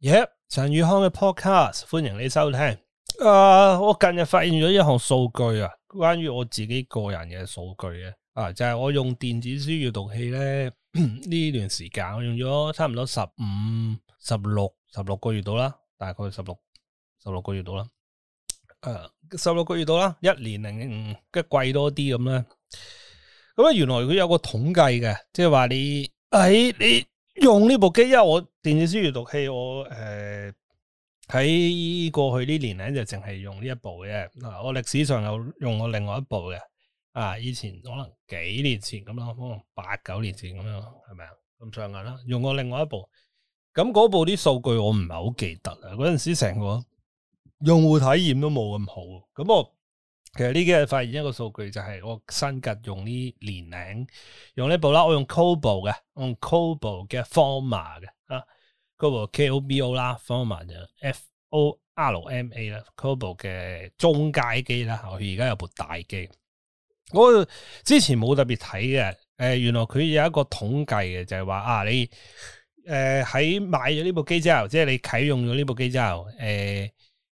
耶！陳宇康嘅 podcast，歡迎你收聽。啊，我近日發現咗一項數據啊，關於我自己個人嘅數據嘅啊，就係我用電子書閱讀器咧呢段時間，我用咗差唔多十五、十六、十六個月到啦，大概十六、十六個月到啦，誒、啊，十六個月到啦，一年零五，即係貴多啲咁咧。咁啊，原來佢有個統計嘅，即係話你喺你。哎你用呢部機，因為我電子書閱讀器，我誒喺、呃、過去呢年咧就淨係用呢一部嘅。嗱，我歷史上有用過另外一部嘅，啊，以前可能幾年前咁樣，可能八九年前咁樣，係咪啊咁上下啦。用過另外一部，咁嗰部啲數據我唔係好記得啦。嗰陣時成個用戶體驗都冇咁好，咁我。其實呢幾日發現一個數據就係，我新近用呢年多用呢部啦，我用 Kobo 嘅，用 Kobo 嘅 Forma 嘅啊，Kobo K O B O 啦，Forma 就 F O R M A 啦，Kobo 嘅中階機啦，我而家有部大機，我之前冇特別睇嘅，誒、呃、原來佢有一個統計嘅就係、是、話啊你誒喺、呃、買咗呢部機之後，即係你啟用咗呢部機之後誒。呃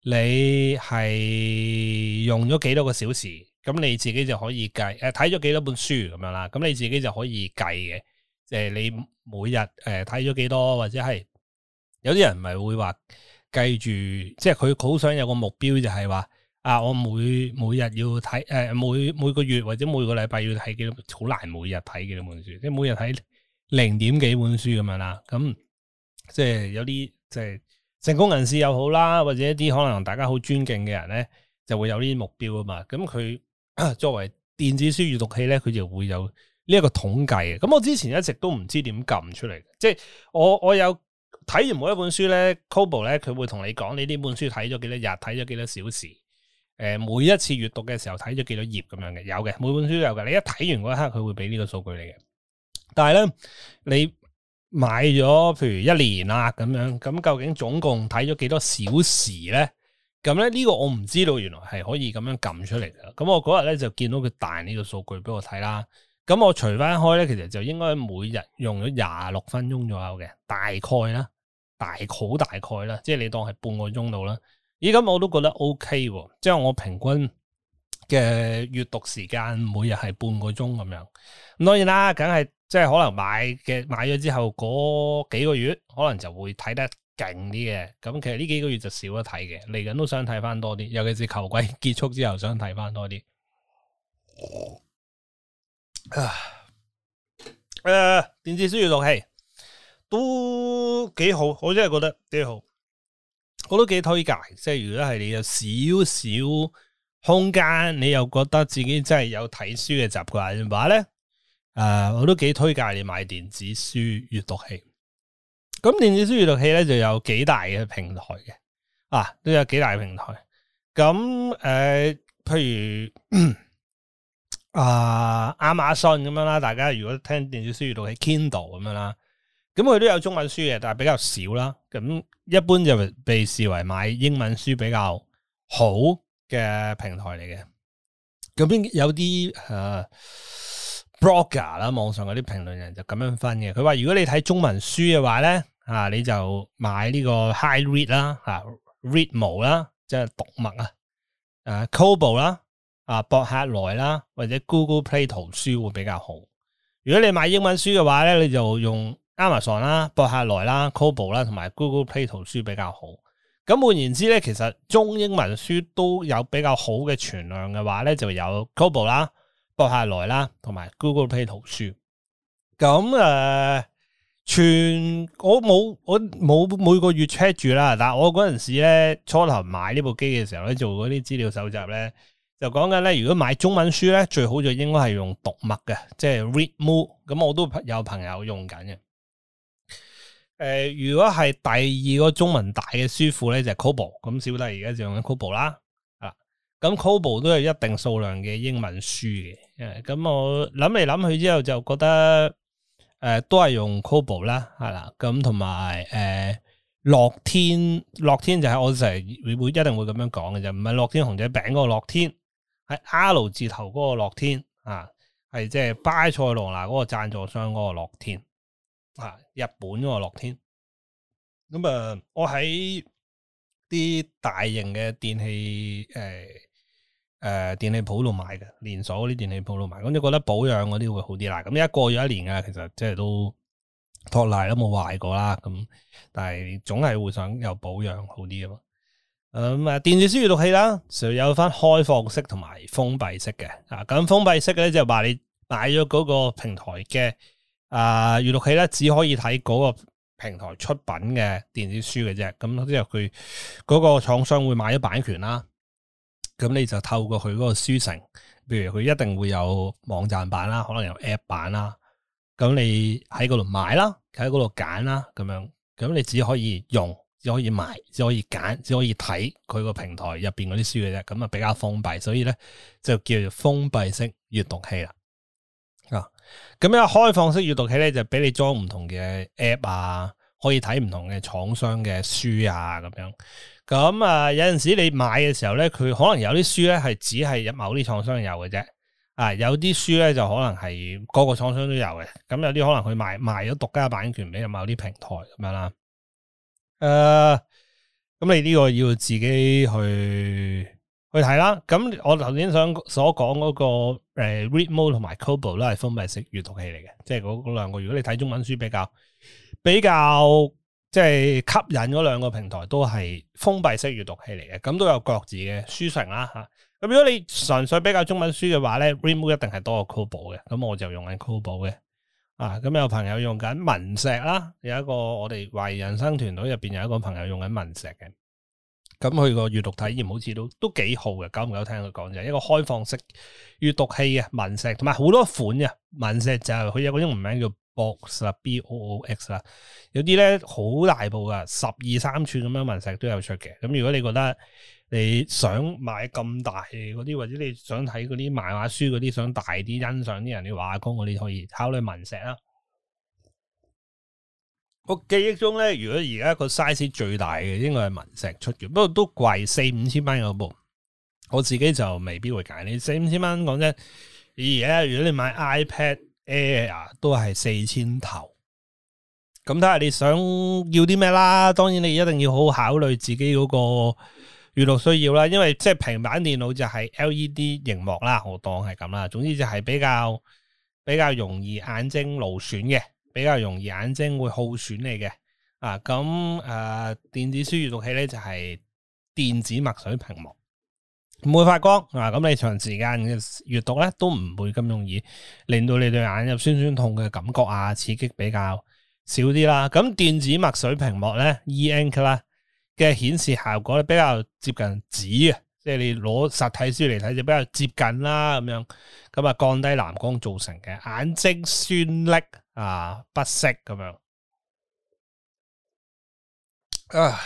你係用咗幾多個小時？咁你自己就可以計，誒睇咗幾多本書咁樣啦。咁你自己就可以計嘅。誒、即係，你每日誒睇咗幾多，或者係有啲人咪會話計住，即係佢好想有個目標就係話，就係話啊，我每每日要睇誒、呃、每每個月或者每個禮拜要睇幾多，好難每日睇幾多本書。即、就、係、是、每日睇零點幾本書咁樣啦。咁即係有啲即係。就是成功人士又好啦，或者一啲可能大家好尊敬嘅人咧，就會有呢啲目標啊嘛。咁佢作為電子書閱讀器咧，佢就會有呢一個統計嘅。咁我之前一直都唔知點撳出嚟，即係我我有睇完每一本書咧，Kobo 咧，佢會同你講你呢本書睇咗幾多日，睇咗幾多小時，誒、呃，每一次閱讀嘅時候睇咗幾多頁咁樣嘅，有嘅，每一本書都有嘅。你一睇完嗰一刻，佢會俾呢個數據你嘅。但係咧，你，買咗譬如一年啦、啊、咁樣，咁究竟總共睇咗幾多小時咧？咁咧呢個我唔知道，原來係可以咁樣撳出嚟嘅。咁我嗰日咧就見到佢彈呢個數據俾我睇啦。咁我除翻開咧，其實就應該每日用咗廿六分鐘左右嘅，大概啦，大好大概啦，即係你當係半個鐘度啦。咦，咁我都覺得 OK 喎，即係我平均嘅閱讀時間每日係半個鐘咁樣。咁當然啦，梗係。即係可能買嘅買咗之後嗰幾個月，可能就會睇得勁啲嘅。咁其實呢幾個月就少咗睇嘅，嚟緊都想睇翻多啲，尤其是球季結束之後想睇翻多啲。啊、呃，誒，電子書閱讀器都幾好，我真係覺得幾好，我都幾推介。即係如果係你有少少空間，你又覺得自己真係有睇書嘅習慣嘅話咧。誒、呃，我都幾推介你買電子書閱讀器。咁電子書閱讀器咧就有幾大嘅平台嘅，啊，都有幾大平台。咁誒、呃，譬如啊，亞馬遜咁樣啦，大家如果聽電子書閱讀器 Kindle 咁樣啦，咁佢都有中文書嘅，但係比較少啦。咁一般就被視為買英文書比較好嘅平台嚟嘅。咁邊有啲誒。呃 blogger 啦，Blogger，網上嗰啲評論人就咁樣分嘅。佢話如果你睇中文書嘅話咧、啊，你就買呢個 HyRead 啦，Readmoo 啦，即係讀墨啊，誒 Kobo 啦，啊，o，啊博客來啦，或者 Google Play 圖書會比較好。如果你買英文書嘅話咧，你就用 Amazon 啦，博客來啦，Kobo 啦，同、啊、埋 Google Play 圖書比較好。咁換言之咧，其實中英文書都有比較好嘅存量嘅話咧，就有 Kobo 啦。博客來啦，同埋 Google Play 圖書，咁誒、呃，全我冇我冇每個月 check 住啦。但係我嗰陣時咧，初頭買呢部機嘅時候咧，做嗰啲資料搜集咧，就講緊咧，如果買中文書咧，最好就應該係用讀墨嘅，即係 Readmoo。咁我都有朋友用緊嘅。誒、呃，如果係第二個中文大嘅書庫咧，就是，Kobo。咁小弟而家就用緊 Kobo 啦。咁 Kobo 都有一定數量嘅英文書嘅，咁我諗嚟諗去之後就覺得，誒、呃、都係用 Kobo 啦，係啦，咁同埋誒樂天，樂天就係我成日會會一定會咁樣講嘅就，唔係樂天紅仔餅嗰個樂天，係 R 字頭嗰個樂天啊，係即係巴塞羅那嗰個贊助商嗰個樂天啊，日本嗰個樂天，咁啊我喺啲大型嘅電器誒。呃誒、呃，電器鋪度買嘅，連鎖嗰啲電器鋪度買，咁你覺得保養嗰啲會好啲啦？咁而家過咗一年啊，其實即係都托賴都冇壞過啦。咁但係總係會想有保養好啲嘅嘛。咁、嗯、啊，電子書閱讀器啦，就有翻開放式同埋封閉式嘅。啊，咁封閉式嘅咧就話你買咗嗰個平台嘅啊閱讀器咧，只可以睇嗰個平台出品嘅電子書嘅啫。咁之後佢嗰個廠商會買咗版權啦。咁你就透過佢嗰個書城，譬如佢一定會有網站版啦，可能有 App 版啦，咁你喺嗰度買啦，喺嗰度揀啦，咁樣，咁你只可以用，只可以買，只可以揀，只可以睇佢個平台入邊嗰啲書嘅啫，咁啊比較封閉，所以咧就叫做封閉式閱讀器啦。啊，咁樣開放式閱讀器咧就俾你裝唔同嘅 App 啊。可以睇唔同嘅廠商嘅書啊，咁樣咁啊，有陣時你買嘅時候咧，佢可能有啲書咧係只係入某啲廠商有嘅啫，啊，有啲書咧就可能係個個廠商都有嘅，咁有啲可能佢賣賣咗獨家版權俾某啲平台咁樣啦。誒，咁你呢個要自己去去睇啦。咁我頭先想所講嗰個誒 Readmoo 同埋 Kobo 都係封閉式閱讀器嚟嘅，即係嗰嗰兩個。如果你睇中文書比較比較即係、就是、吸引嗰兩個平台都係封閉式閱讀器嚟嘅，咁都有各自嘅書城啦吓。咁、啊、如果你純粹比較中文書嘅話咧，Remove 一定係多過 Kobo 嘅，咁我就用緊 Kobo 嘅。啊，咁有朋友用緊文石啦，有一個我哋懷疑人生團隊入邊有一個朋友用緊文石嘅，咁佢個閱讀體驗好似都都幾好嘅，久唔久聽佢講就一個開放式閱讀器嘅文石，同埋好多款嘅文石就係佢有個英文名叫。box 啦，box 啦，B、O、O、X, 有啲咧好大部噶，十二三吋咁樣文石都有出嘅。咁如果你覺得你想買咁大嘅嗰啲，或者你想睇嗰啲漫畫書嗰啲，想大啲欣賞啲人，啲畫工嗰啲，可以考慮文石啦。我記憶中咧，如果而家個 size 最大嘅，應該係文石出嘅，不過都貴四五千蚊嗰部。我自己就未必會揀，你四五千蚊講真，而家如果你買 iPad。air 都係四千頭，咁睇下你想要啲咩啦。當然你一定要好好考慮自己個閱讀需要啦。因為即係平板電腦就係 L E D 屏幕啦，我當係咁啦。總之就係比較比較容易眼睛勞損嘅，比較容易眼睛會耗損你嘅。啊，咁、啊、誒電子書閱讀器咧就係、是、電子墨水屏幕。唔會發光，啊咁你長時間嘅閱讀咧，都唔會咁容易令到你對眼有酸酸痛嘅感覺啊，刺激比較少啲啦。咁電子墨水屏幕咧，E Ink 啦嘅顯示效果咧比較接近紙嘅，即係你攞實體書嚟睇就比較接近啦，咁樣咁啊降低藍光造成嘅眼睛酸力啊不適咁樣啊，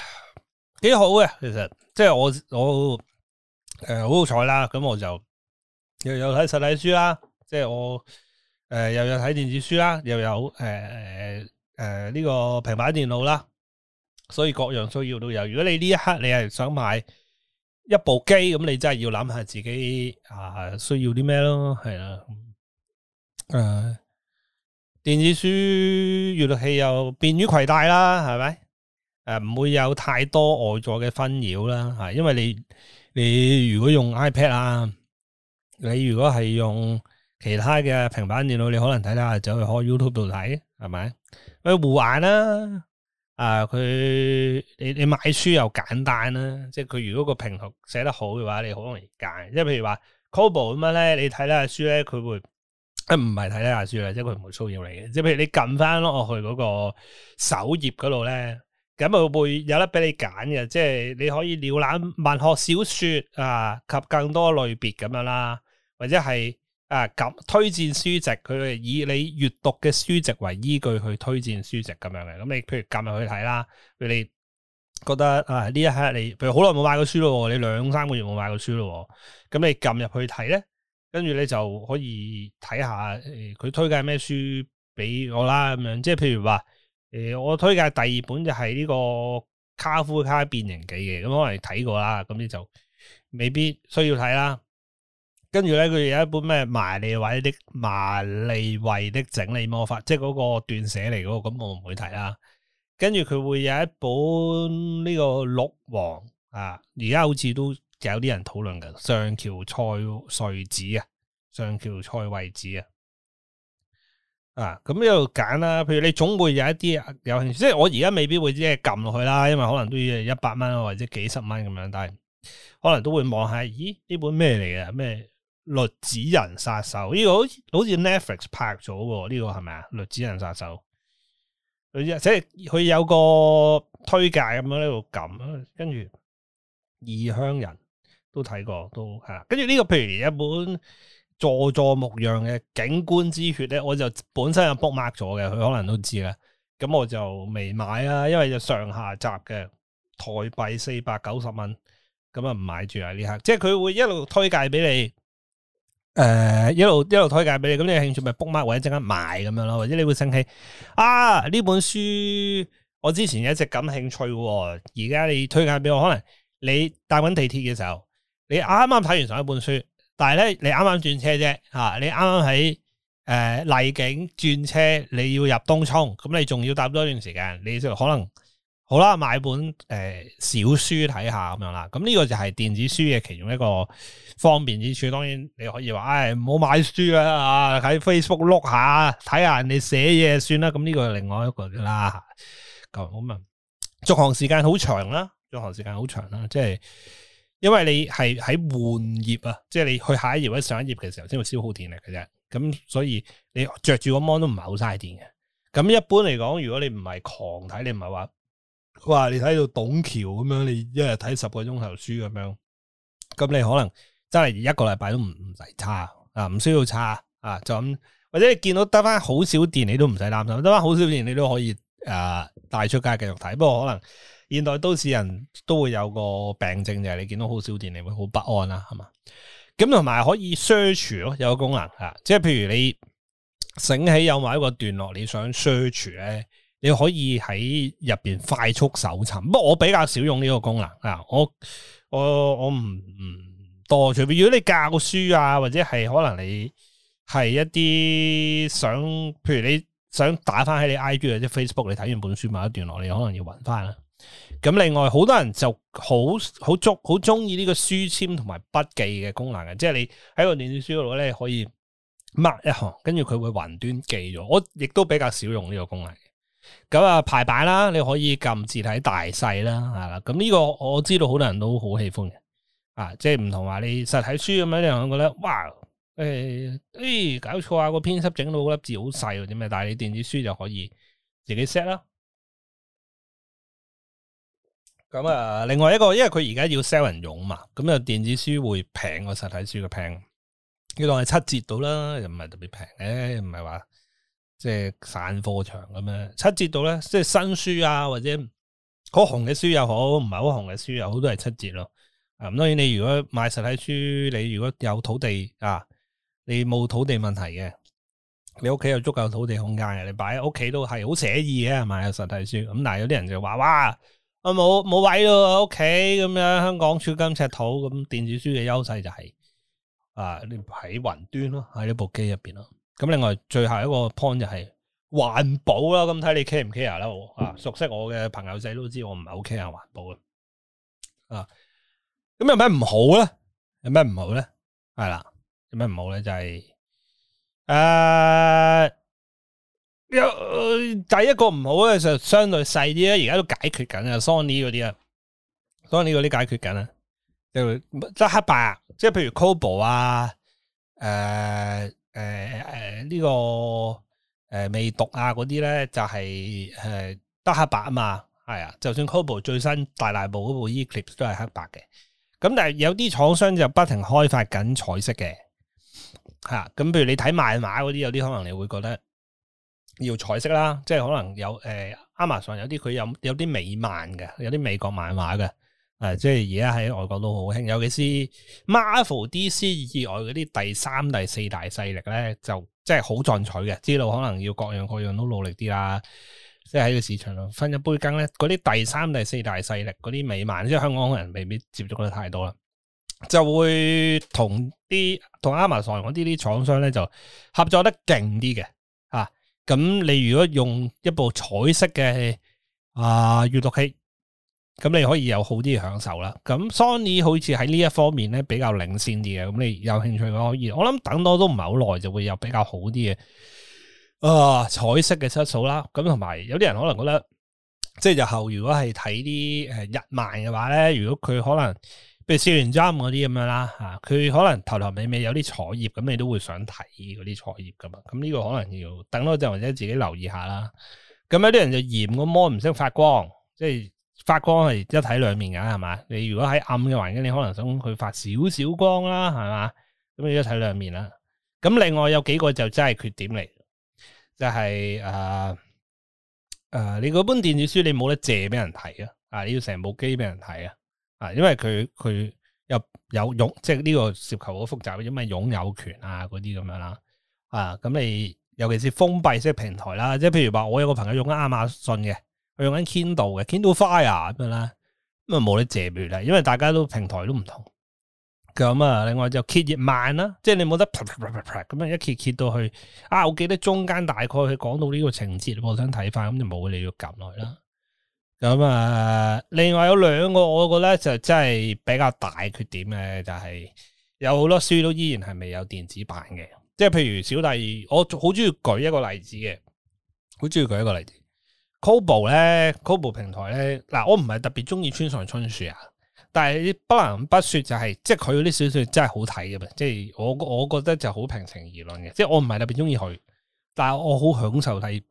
幾好嘅。其實即係我我。我誒，好彩啦！咁我就又有睇實體書啦，即係我誒又有睇電子書啦，又有誒誒誒呢個平板電腦啦，所以各樣需要都有。如果你呢一刻你係想買一部機，咁你真係要諗下自己啊、呃、需要啲咩咯。係啦，誒、呃，電子書閱讀器又便於攜帶啦，係咪？誒、呃，唔會有太多外在嘅紛擾啦，吓，因為你。你如果用 iPad 啊，你如果係用其他嘅平板電腦，你可能睇下就去開 YouTube 度睇，係咪？佢護眼啦，啊佢你你買書又簡單啦、啊，即係佢如果個平台寫得好嘅話，你好容易揀。即係譬如話 Kobo 咁樣咧，你睇下書咧，佢會唔係睇下書啦，即係佢唔會騷擾你嘅。即係譬如你撳翻我去嗰個首頁嗰度咧。咁啊，會會有得俾你揀嘅，即係你可以瀏覽文學小說啊，及更多類別咁樣啦，或者係啊，推薦書籍，佢哋以你閱讀嘅書籍為依據去推薦書籍咁樣嘅。咁你譬如撳入去睇啦，譬如你覺得啊，呢一刻你譬如好耐冇買過書咯，你兩三個月冇買過書咯，咁你撳入去睇咧，跟住你就可以睇下誒，佢、欸、推介咩書俾我啦咁樣。即係譬如話。誒、呃，我推介第二本就係呢個卡夫卡變形記嘅，咁我係睇過啦，咁你就未必需要睇啦。跟住咧，佢有一本咩麻理惠的麻理惠的整理魔法，即係嗰個斷捨離嗰個，咁我唔會睇啦。跟住佢會有一本呢個鹿王啊，而家好似都有啲人討論嘅上橋菜穗子啊，上橋菜穗子啊。上橋啊，咁呢度揀啦，譬如你總會有一啲有興趣，即係我而家未必會即係撳落去啦，因為可能都要一百蚊或者幾十蚊咁樣，但係可能都會望下，咦，呢本咩嚟嘅？咩栗子人殺手呢個好似好似 Netflix 拍咗嘅，呢個係咪啊？栗子人殺手，即係佢有個推介咁樣喺度撳，跟住異鄉人都睇過，都吓，跟住呢個譬如一本。座座牧羊嘅景觀之血咧，我就本身有 book mark 咗嘅，佢可能都知啦。咁我就未買啊，因為就上下集嘅台幣四百九十蚊，咁啊唔買住啊呢刻。即係佢會一路推介俾你，誒、呃，一路一路推介俾你。咁你有興趣咪 book mark，或者即刻買咁樣咯，或者你會想起啊，呢本書我之前一直感興趣，而家你推介俾我，可能你搭緊地鐵嘅時候，你啱啱睇完上一本書。但係咧，你啱啱轉車啫，嚇！你啱啱喺誒荔景轉車，你要入東涌，咁你仲要搭多一段時間，你就可能好啦，買本誒、呃、小書睇下咁樣啦。咁呢、這個就係電子書嘅其中一個方便之處。當然你可以話唉，唔、哎、好買書啦，啊喺 Facebook 碌下睇下你哋寫嘢算啦。咁呢、這個係另外一個啦。咁咁啊，續航時間好長啦，續航時間好長啦，即係。因為你係喺換頁啊，即係你去下一頁或者上一頁嘅時候，先會消耗電力嘅啫。咁所以你着住個 mon 都唔係好嘥電嘅。咁一般嚟講，如果你唔係狂睇，你唔係話，哇你睇到董橋咁樣，你一日睇十個鐘頭書咁樣，咁你可能真係一個禮拜都唔唔使差啊，唔需要差啊，就咁。或者你見到得翻好少電，你都唔使擔心，得翻好少電，你都可以啊、呃、帶出街繼續睇。不過可能。現代都市人都會有個病症，就係你見到好少電你會好不安啦，係嘛？咁同埋可以 search 咯，有個功能吓，即係譬如你醒起有某一個段落，你想 search 咧，你可以喺入邊快速搜尋。不過我比較少用呢個功能，我我我唔唔多。除非如果你教書啊，或者係可能你係一啲想，譬如你想打翻喺你 I G 或者 Facebook，你睇完本書某一個段落，你可能要揾翻。咁另外，好多人就好好中好中意呢個書籤同埋筆記嘅功能嘅，即係你喺個電子書度咧，可以 mark 一行，跟住佢會雲端記咗。我亦都比較少用呢個功能。咁啊，排版啦，你可以撳字體大細啦，係啦。咁呢個我知道好多人都好喜歡嘅。啊，即係唔同話你實體書咁樣，啲人覺得哇、誒、欸欸、搞錯啊，個編輯整到粒字好細喎點，但係你電子書就可以自己 set 啦。咁啊，另外一個，因為佢而家要 sell 人用嘛，咁啊，電子書會平過實體書嘅平，要當係七折到啦，又唔係特別平嘅，唔係話即係散貨場咁樣，七折到咧，即係新書啊，或者好紅嘅書又好，唔係好紅嘅書又好，都係七折咯。咁當然，你如果買實體書，你如果有土地啊，你冇土地問題嘅，你屋企有足夠土地空間，你擺喺屋企都係好寫意嘅，係嘛？實體書咁，但係有啲人就話，哇！冇冇、啊、位咯，喺屋企咁樣，香港寸金尺土，咁電子書嘅優勢就係、是、啊，你喺雲端咯，喺呢部機入邊咯。咁另外最後一個 point 就係、是、環保啦，咁睇你 care 唔 care 啦。啊，熟悉我嘅朋友仔都知我唔係好 care 環保嘅。啊，咁有咩唔好咧？有咩唔好咧？係啦，有咩唔好咧？就係、是、誒。啊有第一個唔好咧，就相對細啲啦。而家都在解決緊啊。Sony 嗰啲啊，Sony 嗰啲解決緊啦。就即黑白，啊，即譬如 Kobo 啊，誒誒誒呢個誒未讀啊嗰啲咧，就係誒得黑白啊嘛。係啊，就算 Kobo 最新大大部嗰部 Eclipse 都係黑白嘅。咁但係有啲廠商就不停開發緊彩色嘅，嚇、啊。咁譬如你睇賣馬嗰啲，有啲可能你會覺得。要彩色啦，即係可能有、呃、Amazon 有啲佢有有啲美漫嘅，有啲美國漫畫嘅，啊，即係而家喺外國都好興，尤其是 Marvel、DC 以外嗰啲第三、第四大勢力咧，就即係好進取嘅，知道可能要各樣各樣都努力啲啦，即係喺個市場度分一杯羹咧。嗰啲第三、第四大勢力嗰啲美漫，即係香港人未必接觸得太多啦，就會同啲同 Amazon 嗰啲啲廠商咧就合作得勁啲嘅，啊～咁你如果用一部彩色嘅啊閱讀器，咁你可以有好啲嘅享受啦。咁 Sony 好似喺呢一方面咧比較領先啲嘅，咁你有興趣嘅可以，我諗等多都唔係好耐就會有比較好啲嘅啊彩色嘅質素啦。咁同埋有啲人可能覺得，即係日後如果係睇啲誒日漫嘅話咧，如果佢可能。譬如少年 Jump 嗰啲咁樣啦，吓、啊、佢可能頭頭尾尾有啲彩頁，咁你都會想睇嗰啲彩頁噶嘛。咁呢個可能要等多陣或者自己留意下啦。咁有啲人就嫌個摩唔識發光，即係發光係一睇兩面噶係嘛。你如果喺暗嘅環境，你可能想佢發少少光啦，係嘛。咁你一睇兩面啦。咁另外有幾個就真係缺點嚟，就係誒誒，你嗰本電子書你冇得借俾人睇啊，啊你要成部機俾人睇啊。啊，因為佢佢有有擁，即係呢個涉及好複雜，因為擁有權啊嗰啲咁樣啦。啊，咁你尤其是封閉式平台啦，即係譬如話，我有個朋友用緊亞馬遜嘅，佢用緊 Kindle 嘅，Kindle Fire 咁樣啦，咁啊冇得借畀啦，因為大家都平台都唔同。咁啊，另外就揭頁慢啦，即係你冇得咁樣一揭揭到去啊！我記得中間大概佢講到呢個情節，我想睇翻，咁就冇你要撳落去啦。咁啊、嗯，另外有兩個，我覺得就真係比較大缺點嘅，就係、是、有好多書都依然係未有電子版嘅。即係譬如小弟，我好中意舉一個例子嘅，好中意舉一個例子。Kobo 咧，Kobo 平台咧，嗱，我唔係特別中意村上春樹啊，但係不能不說、就是，就係即係佢嗰啲小說真係好睇嘅嘛，即係我我覺得就好平情而論嘅，即係我唔係特別中意佢，但係我好享受睇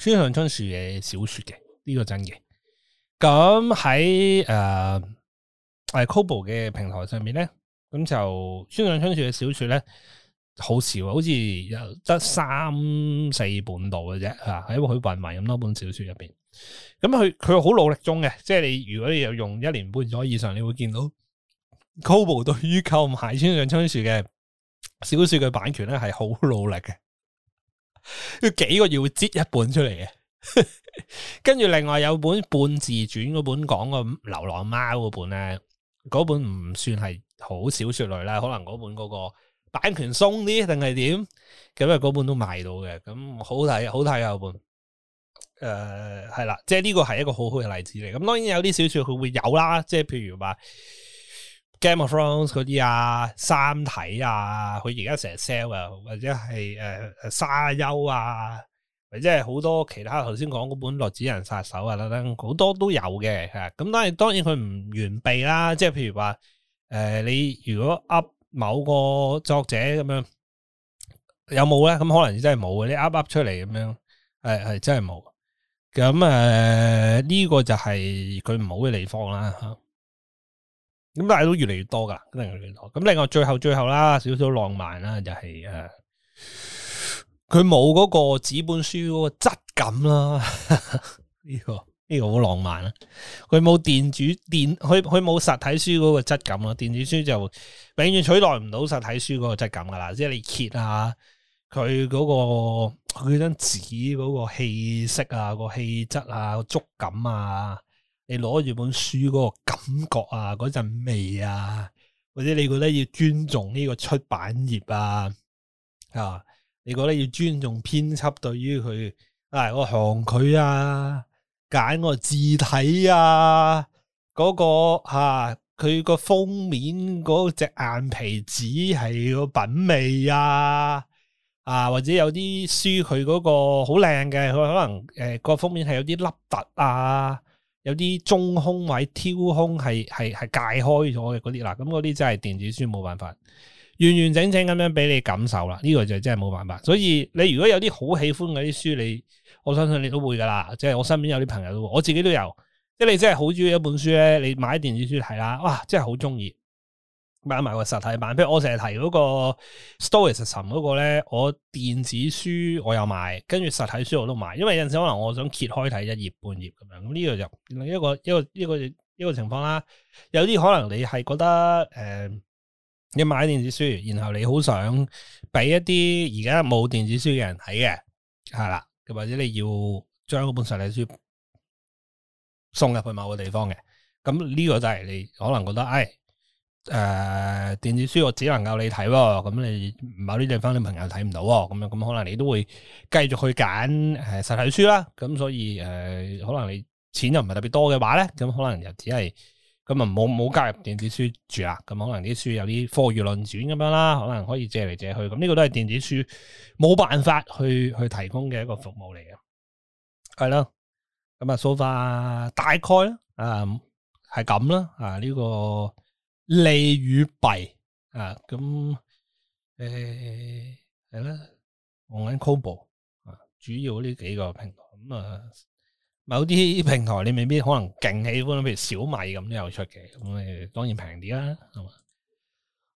村上春樹嘅小說嘅，呢、這個真嘅。咁喺誒誒 Kobo 嘅平台上面咧，咁就《村上春樹》嘅小說咧，好少好似有得三四本度嘅啫吓，喺佢混埋咁多本小說入邊。咁佢佢好努力中嘅，即係你如果你又用一年半咗以上，你會見到 Kobo 對於購買《村上春樹》嘅小說嘅版權咧，係好努力嘅，要幾個月會擠一本出嚟嘅。 跟住另外有本半自傳嗰本講個流浪貓嗰本咧，嗰本唔算係好小說類啦，可能嗰本嗰個版權鬆啲定係點還是怎樣，咁啊嗰本都賣到嘅，咁好睇好睇啊本，誒係啦，即係呢個係一個很好好嘅例子嚟，咁當然有啲小說佢會有啦，即係譬如話 Game of Thrones 嗰啲啊、三體啊，佢而家成日 sell 啊，或者係誒、呃、沙丘啊。咪即係好多其他頭先講嗰本《落子人殺手》啊，等等好多都有嘅，咁但係當然佢唔完備啦。即係譬如話，誒、呃，你如果 up 某個作者咁樣，有冇咧？咁可能真係冇嘅，你 up up 出嚟咁樣，係係真係冇。咁誒，呢、呃這個就係佢唔好嘅地方啦。吓，咁但係都越嚟越多噶，越嚟越多。咁另外最後最後啦，少少浪漫啦，就係、是、誒。呃佢冇嗰個紙本書嗰個質感啦，呢個呢個好浪漫啊！佢冇電子電，佢佢冇實體書嗰個質感咯。電子書就永遠取代唔到實體書嗰個質感噶啦，即係你揭下，佢嗰個佢張紙嗰個氣息啊，個氣質啊，個觸感啊，你攞住本書嗰個感覺啊，嗰陣味啊，或者你覺得要尊重呢個出版業啊啊！你覺得要尊重編輯對於佢啊、那個行佢啊，揀個字體啊，嗰、那個吓佢個封面嗰隻眼皮紙係個品味啊，啊或者有啲書佢嗰個好靚嘅，佢可能誒個、呃、封面係有啲凹凸啊，有啲中空位挑空係係係界開咗嘅嗰啲啦，咁嗰啲真係電子書冇辦法。完完整整咁樣俾你感受啦，呢個就真係冇辦法。所以你如果有啲好喜歡嘅啲書，你我相信你都會噶啦。即係我身邊有啲朋友都，我自己都有。即係你真係好中意一本書咧，你買電子書睇啦，哇，真係好中意。買埋個實體版，譬如我成日睇嗰個 Stories 嗰個咧，我電子書我又買，跟住實體書我都買，因為有陣時可能我想揭開睇一頁半頁咁樣。咁呢個就另一個一個一個一個情況啦。有啲可能你係覺得誒。呃你買電子書，然後你好想俾一啲而家冇電子書嘅人睇嘅，係啦，或者你要將嗰本實體書送入去某個地方嘅，咁呢個就係你可能覺得，誒、哎呃，電子書我只能夠你睇咯，咁你某啲地方你朋友睇唔到，咁樣咁可能你都會繼續去揀誒實體書啦。咁所以誒、呃，可能你錢又唔係特別多嘅話咧，咁可能又只係。咁啊，冇冇加入電子書住啦，咁可能啲書有啲科與論轉咁樣啦，可能可以借嚟，借去，咁呢個都係電子書冇辦法，去去提供嘅一個服務嚟嘅，係啦。咁啊，so far 大概啊，係咁啦啊，呢個利與弊啊，咁誒係啦，我 c 揾 Kobo 啊，主要呢幾個平台咁啊。有啲平台你未必可能勁喜歡，譬如小米咁都有出嘅，咁當然平啲啦，係嘛。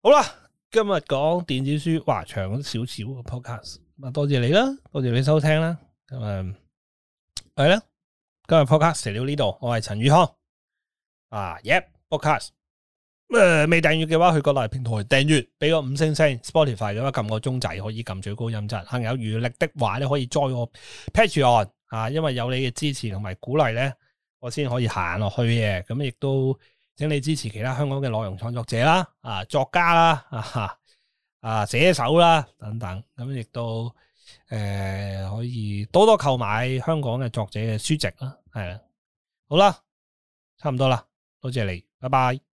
好啦，今日講電子書，哇長少少嘅 podcast，啊多謝你啦，多謝你收聽啦，咁啊係啦，今日 podcast 到呢度，我係陳宇康，啊，yep，podcast，誒未、呃、訂閱嘅話去國內平台訂閱，俾個五星星，Spotify 嘅話撳個鐘仔可以撳最高音質，行有餘力的話咧可以 join 我 Patreon。啊，因為有你嘅支持同埋鼓勵咧，我先可以行落去嘅。咁亦都請你支持其他香港嘅內容創作者啦，啊作家啦，啊哈，啊寫手啦等等。咁亦都誒、呃、可以多多購買香港嘅作者嘅書籍啦，係啦，好啦，差唔多啦，多謝你，拜拜。